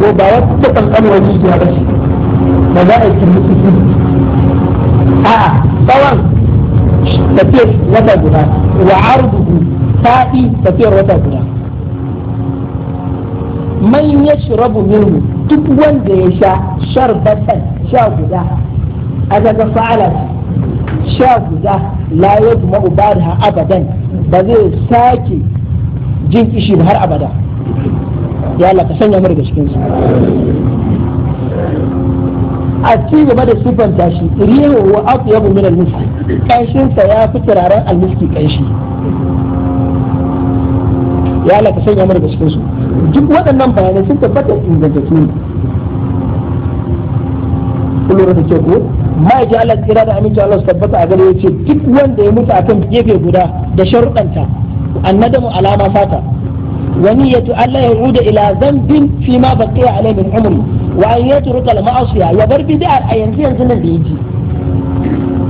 ko ba wata kankan wani jiya ba ce ba za a yi musu su a tsawon tafiyar wata guda wa arduhu fa'i tafiyar wata guda man ya yashrabu minhu duk wanda ya sha sharbatan sha guda a ga fa'ala sha guda la yajma'u ba'daha abadan ba zai sake jin kishi har abada ya Allah ka sanya mu da cikin su a ci gaba da sifanta shi riyo wa atyabu min al nufi kanshin sa ya fi turaren al kanshi ya Allah ka sanya mu da cikin su duk waɗannan bayanai sun tabbata ingantattu ne kullum da ke ko ma'aikin Allah kira da aminci Allah su tabbata a gare ya ce duk wanda ya mutu akan gefe guda da sharuɗanta annadamu alama fata ونية ألا يعود إلى ذنب فيما بقي عليه من عمره وأن يترك المعصية يبر بدعة أي ينزل ينزل بيجي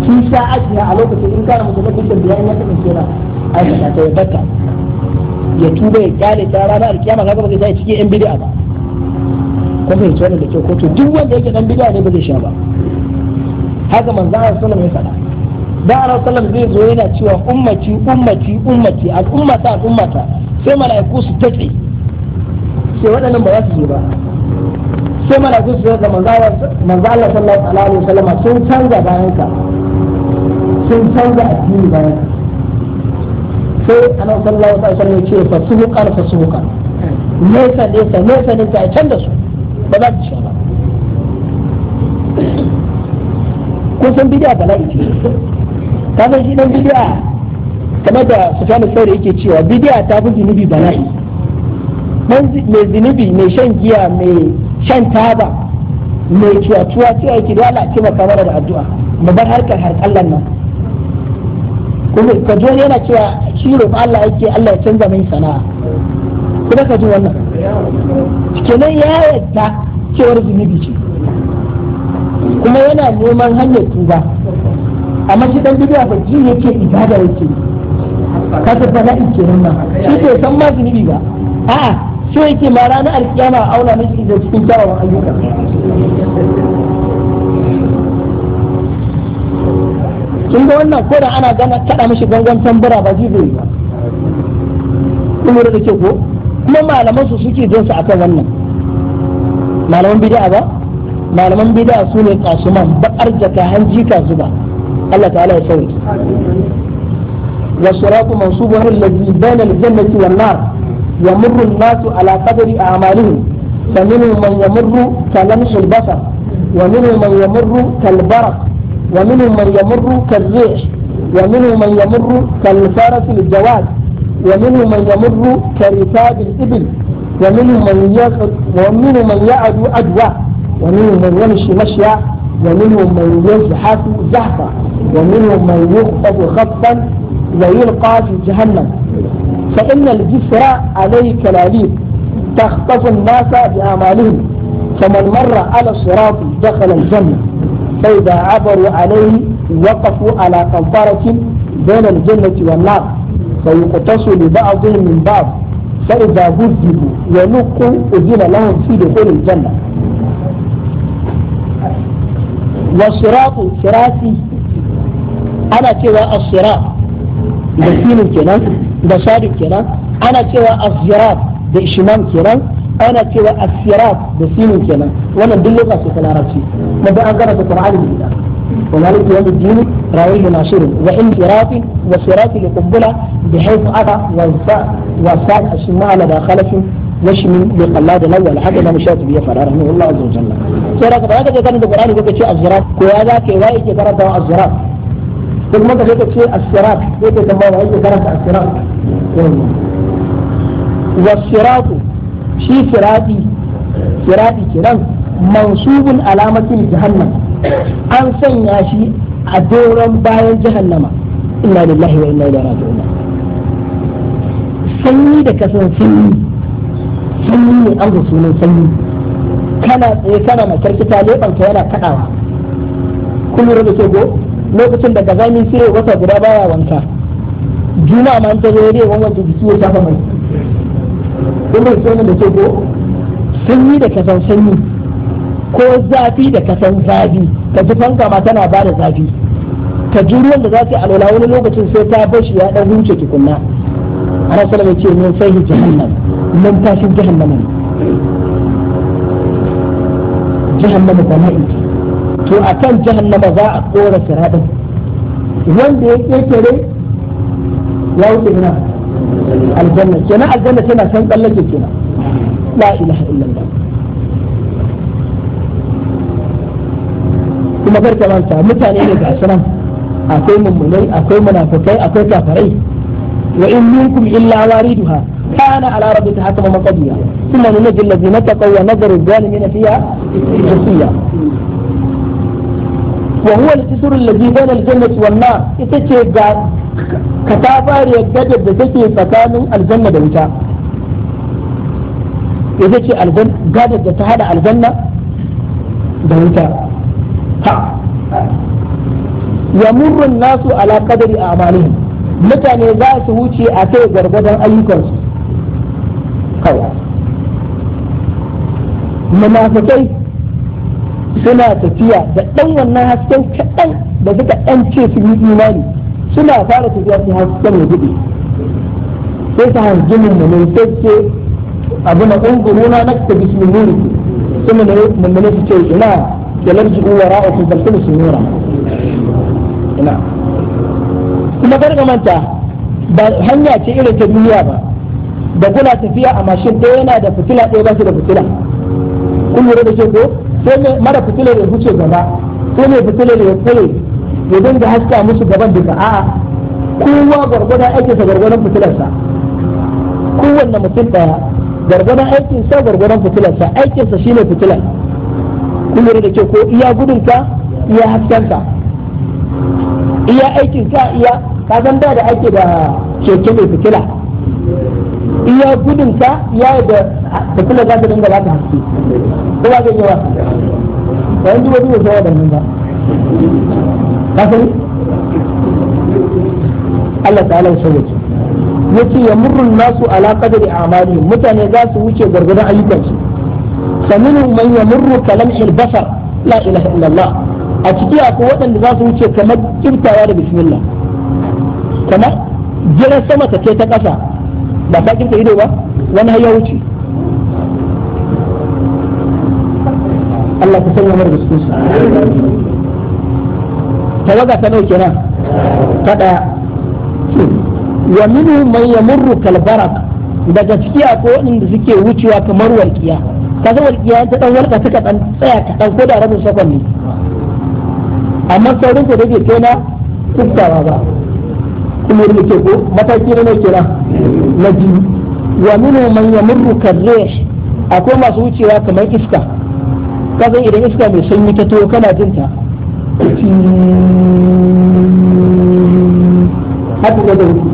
في ساعتنا على وقت إن كان متمسكا بها إن يكن كنا أي يتبكى يتوب يقال ترى ما القيامة هذا بقي زي تيجي إن بدعة ما كم يتوب اللي تقول كنت دوا ده كان بدعة ده بقي شابا هذا من زعل صلى الله عليه وسلم da Allah sallam zai zo yana cewa ummati ummati ummati al'ummata al'ummata sai mala'iku su tatse sai waɗannan ba za su yi ba sai mala'iku su da manzo Allah sallallahu alaihi wasallam sun canza bayan ka sun canza addini bayan ka sai annabi sallallahu alaihi wasallam ce fa suhuqan fa suhuqan nesa nesa nesa nesa a canza su ba za su ci ba kun san bid'a bala'i ce ka san shi dan bid'a kamar da sufyan al-thawri yake cewa bid'a ta fi zunubi bala'i mai zunubi mai shan giya mai shan taba mai cuwa-cuwa cewa yake da Allah ce maka da addu'a mu bar harkar har nan kuma ka ji yana cewa shi roƙo Allah yake Allah ya canza mai sana'a kuma ka ji wannan kenan ya yadda cewar zunubi ce kuma yana neman hanyar tuba amma shi dan bidiya ba ji yake ibada yake yi ka ta ga bala'i kenan ma shi bai san ma zunubi ba a'a so yake ma ranar alkiyama a auna miki da cikin jawon ayyuka kin ga wannan ko da ana gana kada mishi gangan tambura ba zai bai ba kuma da ke ko kuma malaman su suke jin su akan wannan malaman bid'a ba malaman bid'a su ne kasuman bakar jaka hanji ka zuba Allah ta'ala ya sauke والصراط منصوب الذي بين الجنة والنار يمر الناس على قدر أعمالهم فمنهم من يمر كلمح البصر ومنهم من يمر كالبرق ومنهم من يمر كالريح ومنهم من يمر كالفارس الجواد ومنهم من يمر كركاب الإبل ومنهم من يأخذ ومنهم من يعد أدوى ومنهم من يمشي مشيا ومنهم من يزحف زحفا ومنهم من يخطب خطا ويلقى في جهنم فإن الجسر عليه كلاليب تخطف الناس بأعمالهم فمن مر على الصراط دخل الجنة فإذا عبروا عليه وقفوا على قنطرة بين الجنة والنار فيقتص لبعضهم من بعض فإذا بذلوا ونقوا أذن لهم في دخول الجنة والصراط الصراط أنا كذا الصراط da sinin kenan da أنا كوا ana cewa asyarat أنا كوا kenan ana cewa وأنا da sinin kenan ما duk lokaci ta larabci da an karanta يوم الدين راويه ناشر وانفراط وصراط لقنبلة بحيث أتى وصاد الشمال على خلف وشم لقلاد الأول حتى ما مشات به فرارهم الله عز وجل. سيرات كذا كذا كان القرآن يقول كذا الزراعة كذا كذا كذا الزراعة ko kuma ka ka ce ashirat ko ka tambaya wai ka karanta ashirat wa shiratu shi kiradi kiradi kiran mansubun alamatin jahannam an sanya shi a doron bayan jahannama inna lillahi wa inna ilaihi raji'un sanyi da kasan sanyi sanyi ne an ga sunan sanyi kana tsaye kana makarkita leɓanka yana kaɗawa kun lura da ke go lokacin da gazamin sai wata guda baya wanka juma'a ma ta zo dai wannan da jiki ya shafa mai kun bai so da ke ko sanyi da kasan sanyi ko zafi da kasan zafi ka ji fanka ma tana ba da zafi ka ji ruwan da za ta alola wani lokacin sai ta bashi ya dan huce tukunna ana da ce mun sai jahannam mun tashin jahannam jahannam ba na'i to akan jahannama za a kora sirabin wanda ya kekere ya wuce ina aljanna kenan aljanna tana san tsallake kenan la ilaha illallah kuma barka manta mutane ne ga sunan akwai mummunai akwai munafikai akwai kafirai wa in minkum illa waridha wariduha كان على ربك حكما مقضيا ثم ننجي الذين اتقوا ونذر الظالمين فيها جثيا wa huwa al-isru alladhi bayna al-jannati wan nar ita ce ga gadar da take tsakanin aljanna da wuta ita ce gadar da ta hada aljanna da wuta ha yamurru nasu ala qadri mutane za su wuce a kai gargadan ayyukansu kawai suna tafiya da ɗan wannan hasken kaɗan da suka ɗan ce su yi imani suna fara tafiya su hasken ya gudu sai su hanji mummunin sai ce abu na ƙunguruna na ta bismillahiri su mummunin su ce ina da larji uwa ra'a su zarfi su nura ina kuma manta ba hanya ce irin ta duniya ba da kuna tafiya a mashin ɗaya yana da fitila ɗaya ba shi da fitila kun lura da ke ko sai ne mara fitilar ya huce gaba sai ne fitilar ya tsaye ya dinga haska musu gaban duka a'a kowa gwargwada ake sa gwargwadon sa kowanne mutum daya gwargwadon aikin sa gwargwadon sa aikin sa shine fitilar kun da ke ko iya gudun ka iya hasken ka iya aikin ka iya ka san da da ake da keke mai fitila iya gudun ka iya da fitilar za ta dinga ba ta haske ba za ka yi ba ba yanzu wani wasu waɗannan ba ka sani Allah ta'ala ya sauke yace ya murrun nasu ala amali mutane za su wuce gargadan ayyukansu mai ya yamurru kalamhil basar la ilaha illallah a ciki akwai waɗanda za su wuce kamar kirtawa da bismillah kamar jiran sama ta ke ta ƙasa ba ta kirta ido ba wani ya wuce Allah ku sanya mana da su waga ta nauke nan ta ɗaya wa minu man yamurru kal barak daga ciki akwai waɗanda suke wucewa kamar walƙiya ka ga walƙiya ta ɗan walƙa suka dan tsaya ka ɗan ko da rabin sakon ne amma saurin ku da ke kai na kuftawa ba kuma da ke ko mataki na kira. na na biyu wa minhum man yamurru kal akwai masu wucewa kamar iska ka san idan iska mai sanyi ta to kana jin ta haka ga dauki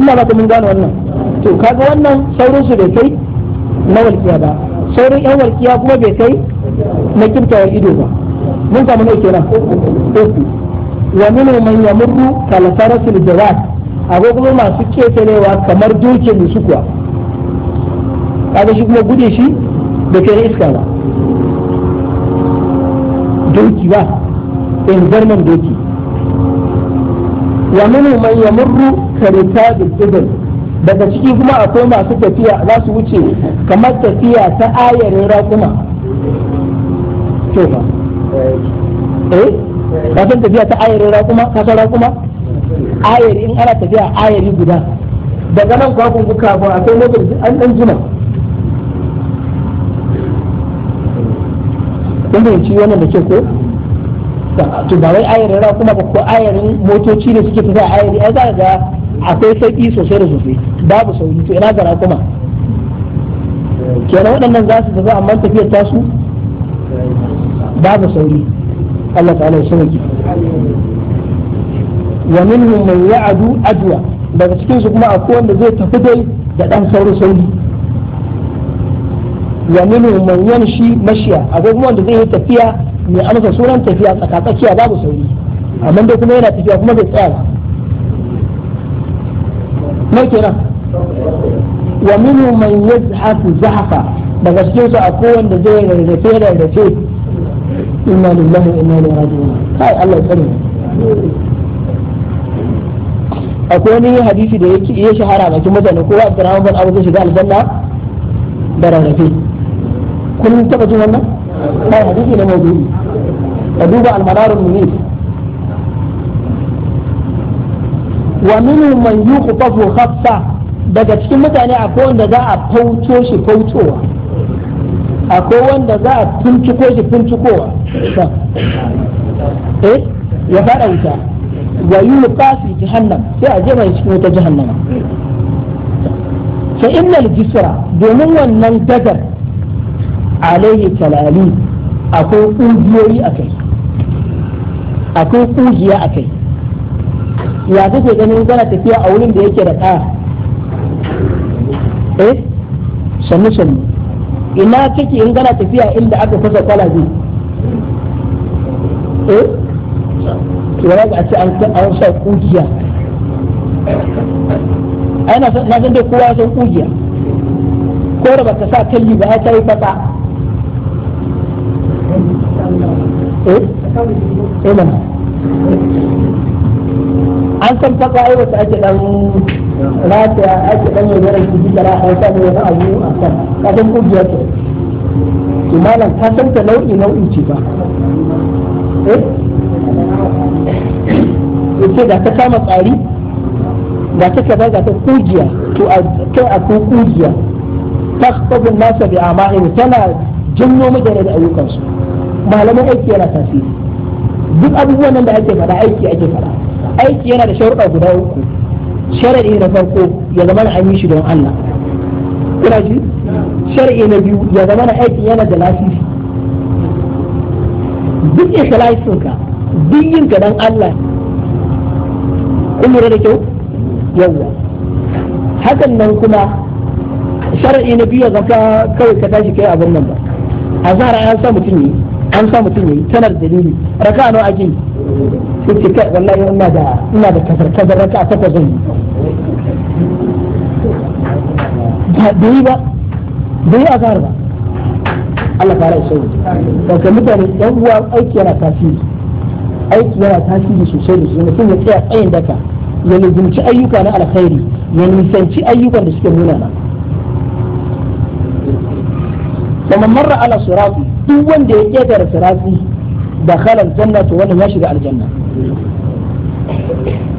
ina ba ta mun gano wannan to kaga wannan saurin su bai kai na walkiya ba saurin yan walkiya kuma bai kai na kimtawar ido ba mun samu nai kenan uku wa minu man yamurru kala sarasul jawad akwai kuma masu ketarewa kamar dukin su kuwa kaga shi kuma gude shi da ke iska ba doki ba in zarman doki wa manoman ya murru karita da ibn daga ciki kuma akwai masu tafiya za su wuce kamar tafiya ta ayarin raƙuma to ba eh san tafiya ta ayarin raƙuma kasan raƙuma ayari in ana tafiya ayari guda daga nan kwakwun kuka ba akwai lokacin an dan jima kun fahimci wannan da ke ko to ba wai ayarin kuma ba ko ayarin motoci ne suke tafiya ayari ai za ga akwai sauki sosai da sosai babu sauki to ina gara kuma kenan waɗannan za su tafi amma tafiyar tasu babu sauri Allah ta'ala ya sauki wa minhum man ya'adu adwa daga cikin su kuma akwai wanda zai tafi dai da dan sauri sauri wa minhum man yamshi mashiya akwai kuma wanda zai yi tafiya mai amsa sunan tafiya tsakatsakiya tsakiya babu sauri amma dai kuma yana tafiya kuma bai tsaya ba mai kenan wa minhum man yazhafu zahafa daga cikin su akwai wanda zai rarrafe rarrafe inna lillahi wa inna ilaihi raji'un kai Allah ya tsare akwai wani hadisi da ya shahara bakin mutane ko Abdurrahman bin Abu zai shiga aljanna da rarrafe kun taba jin wannan kai hadisi ne mawdu'i ka duba al-manarul munif wa minhum man yuqtafu khaffa daga cikin mutane akwai wanda za a fauco shi faucowa akwai wanda za a tunciko shi tuncikowa eh ya fada wuta wa yulqa fi jahannam sai a jima cikin wata jahannama fa innal jisra domin wannan gadar alaihi talali akwai ƙungiyoyi a kai akwai ƙungiya a kai ya kake ganin kana tafiya a wurin da yake da ƙa eh sannu sannu ina kake in gana tafiya inda aka fasa kwalabe eh yana ga a ce an sa ƙungiya ai na san dai kowa ya san ƙungiya ko da baka sa kalli ba ya ta yi fata eh eh mana an san faka ai wata ake dan lafiya ake dan yi yaran kiji tara an sa ne wani abu a san ka san kungiya ce to malam ka san ta nau'i nau'i ce ba eh ce da ta kama tsari da ta kaza da ta kungiya to a kai a kungiya ta kwadin nasa da ama'in tana janyo mutane da su. malaman aiki yana tasiri duk abubuwan nan da ake faɗa aiki ake faɗa aiki yana da sharuɗa guda uku sharaɗi na farko ya zama na an yi shi don Allah kuna ji sharaɗi na biyu ya zama na aiki yana da lasisi duk ikhlasinka duk yin ka don Allah kuma da kyau yawa hakan nan kuma sharaɗi na biyu ya zama kawai ka tashi kai abin nan ba a zara an sa mutum ne an sa mutum yayi tanar dalili raka'a nawa ake yace kai wallahi ina da ina da kafar kafar raka'a takwas zan yi ba yi ba yi a ba Allah ta ya sauke to kai mutane yan uwa aiki yana tasiri aiki yana tasiri sosai da sosai mutum ya tsaya tsayin daka ya nisanci ayyuka na alkhairi ya nisanci ayyukan da suke munana فمن مر على صراطي duk wanda ya ƙetare sirati da khalal janna to wannan ya shiga aljanna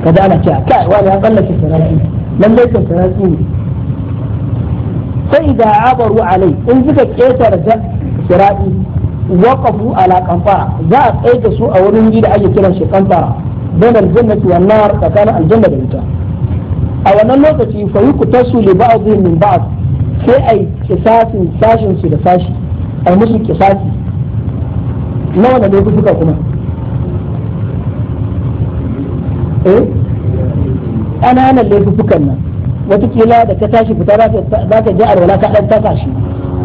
kada ana cewa kai wani ya tsallake sirati lallai kan sirati ne sai da abaru alai in suka ƙetare sirati waqafu ala qanfara za a tsaye da su a wurin gida ake kiran shi qanfara bain aljannati wan nar tsakanin aljanna da wuta a wannan lokaci fa yuktasu li ba'd min ba'd sai ai kisasin sashin su da sashi a musu kisasi na wanda dai kuka kuma eh ƙananan laifukan nan watakila da ka tashi fita za ka ji arwala ka ɗan taka shi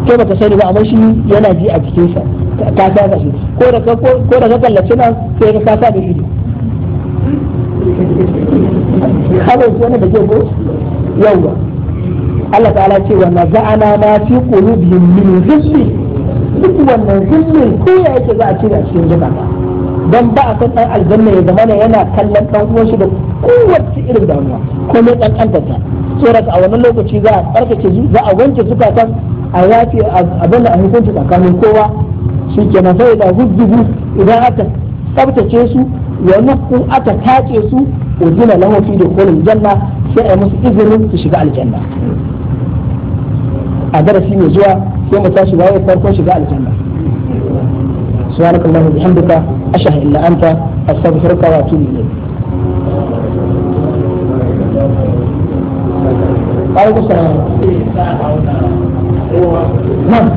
kai baka sani ba amma shi yana ji a sa, ka taka shi ko da ka kallace nan sai ka saka da ido kawai wani da ke ko yawwa Allah ta'ala ce wa naza'ana ma fi qulubihim min ghillin duk wannan zimmin ko ya yake za a cire a cikin jika don ba a san ɗan aljanna ya zamana yana kallon ɗan uwan shi da kowace irin damuwa ko mai ɗan kantata tsoron a wannan lokaci za a tsarkake za a wanke zukatan a yafi abin da a hukunci tsakanin kowa shi na sai da hujjubu idan aka tsabtace su ya nuku aka tace su gina lahofi da kolin janna sai a musu izinin su shiga aljanna a darasi mai zuwa يوم التاسع وهو فرق شفاء الجنة سبحانك اللهم وبحمدك أشهد إلا أنت أستغفرك وأتوب إليك قال نعم.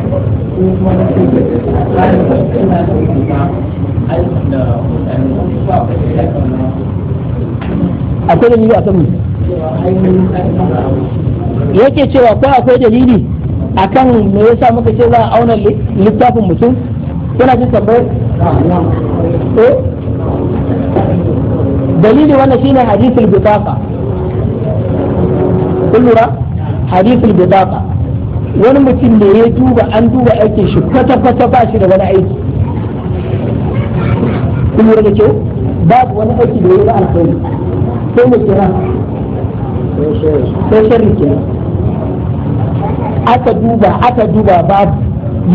أقول لي أقول لي يكي سوى أقوى أقوى دليلي akan me yasa muka ce za a auna littafin mutum yana jin tambayar eh dalili wannan shine hadithul bitaqa kun lura hadithul bitaqa wani mutum ne ya duba an duba aikin shi kwata kwata ba shi da wani aiki kun lura da kyau babu wani aiki da ya yi ba alkhairi sai mu kira sai sharri kenan aka duba aka duba ba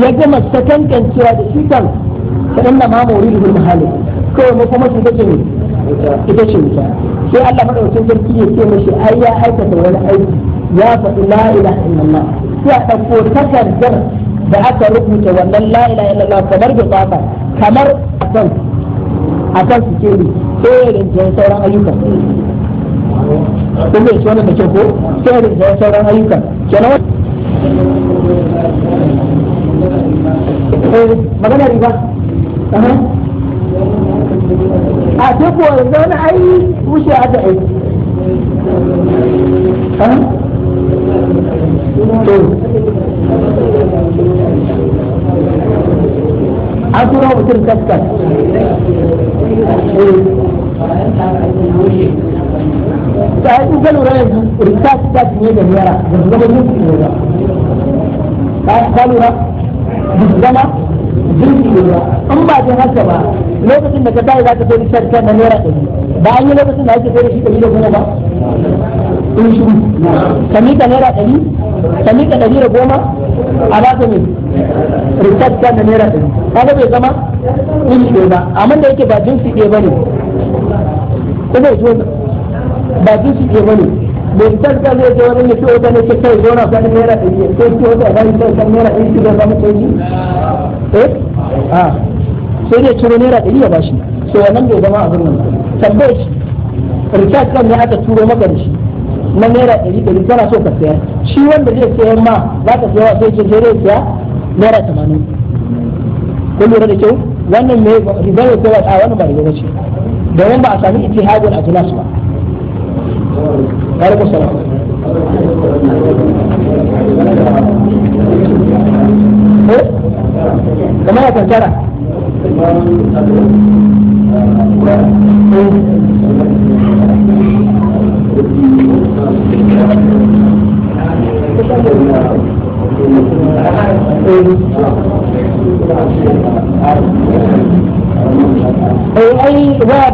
ya gama cewa da shi kan sadan da ma mori da halin kawai mu kuma shi take ne ita ce wuta sai Allah maɗaukacin sarki ya ce mashi ai ya aikata wani aiki ya faɗi la ilaha illallah sai a ɗauko takardar da aka rubuta wannan la ilaha illallah kamar da tsafa kamar a kan su ke ne sai ya rinjaye sauran ayyuka kun bai ci wani da ke ko sai ya rinjaye sauran ayyukan kenan eh magana riba a ce ko yanzu wani ai wuce a da aiki an tura mutum kaskas da eh. ya kuka lura yanzu research tax ne da yara da zama mutum ne ba lura duk zama jinsi ne ba in ba haka ba lokacin da ka tayi za ka sai rishar kan na naira ɗari ba an yi lokacin da ake sai shi ɗari da goma ba in shi ka miƙa naira ɗari ka miƙa ɗari da goma a ba ka ne rishar kan na naira ɗari kaga bai zama in shi ba amma da yake ba jinsi ɗaya ba ne kuma ba jinsi ɗaya ba ne bai tarka zai je wani yake wata ne kai zo na kan naira ɗari ko ki wata bai kan naira ɗari ki zama canji eh a sai dai ciro naira ɗari ya bashi so wannan bai zama abin nan tambayar shi recharge kan ne aka turo maka da shi na naira ɗari ɗari kana so ka sayar shi wanda zai sayar ma za ka sayar sai ce zai siya naira tamanin kun lura da kyau wannan mai riba ne ko a wannan ba riba ba ce domin ba a sami ittihadul a ba su ba. ya tantara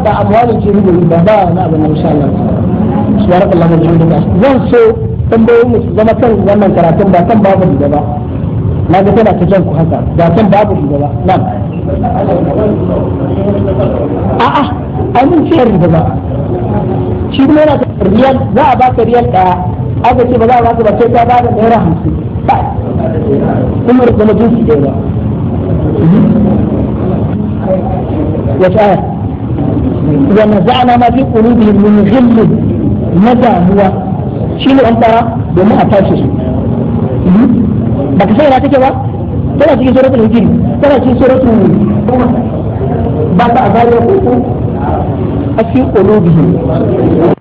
da amwani su zan so zama kan wannan karatun ba kan babu da ba na ga tana ta jan ku haka da kan babu shugaba nan a'a amin ciyar ba shi kuma yana da riyal za a baka riyal daya aka ce ba za a baka ba sai ta ba da naira ba kuma da kuma jinsi ɗaya ba wace aya wa naza'na ma fi qulubihim min ghillin na damuwa shi ne an fara domin a tashi su hmm? ba ka sai ina take ba tana cikin suratul hijr tana cikin suratul ba ta azariya ko a cikin qulubihi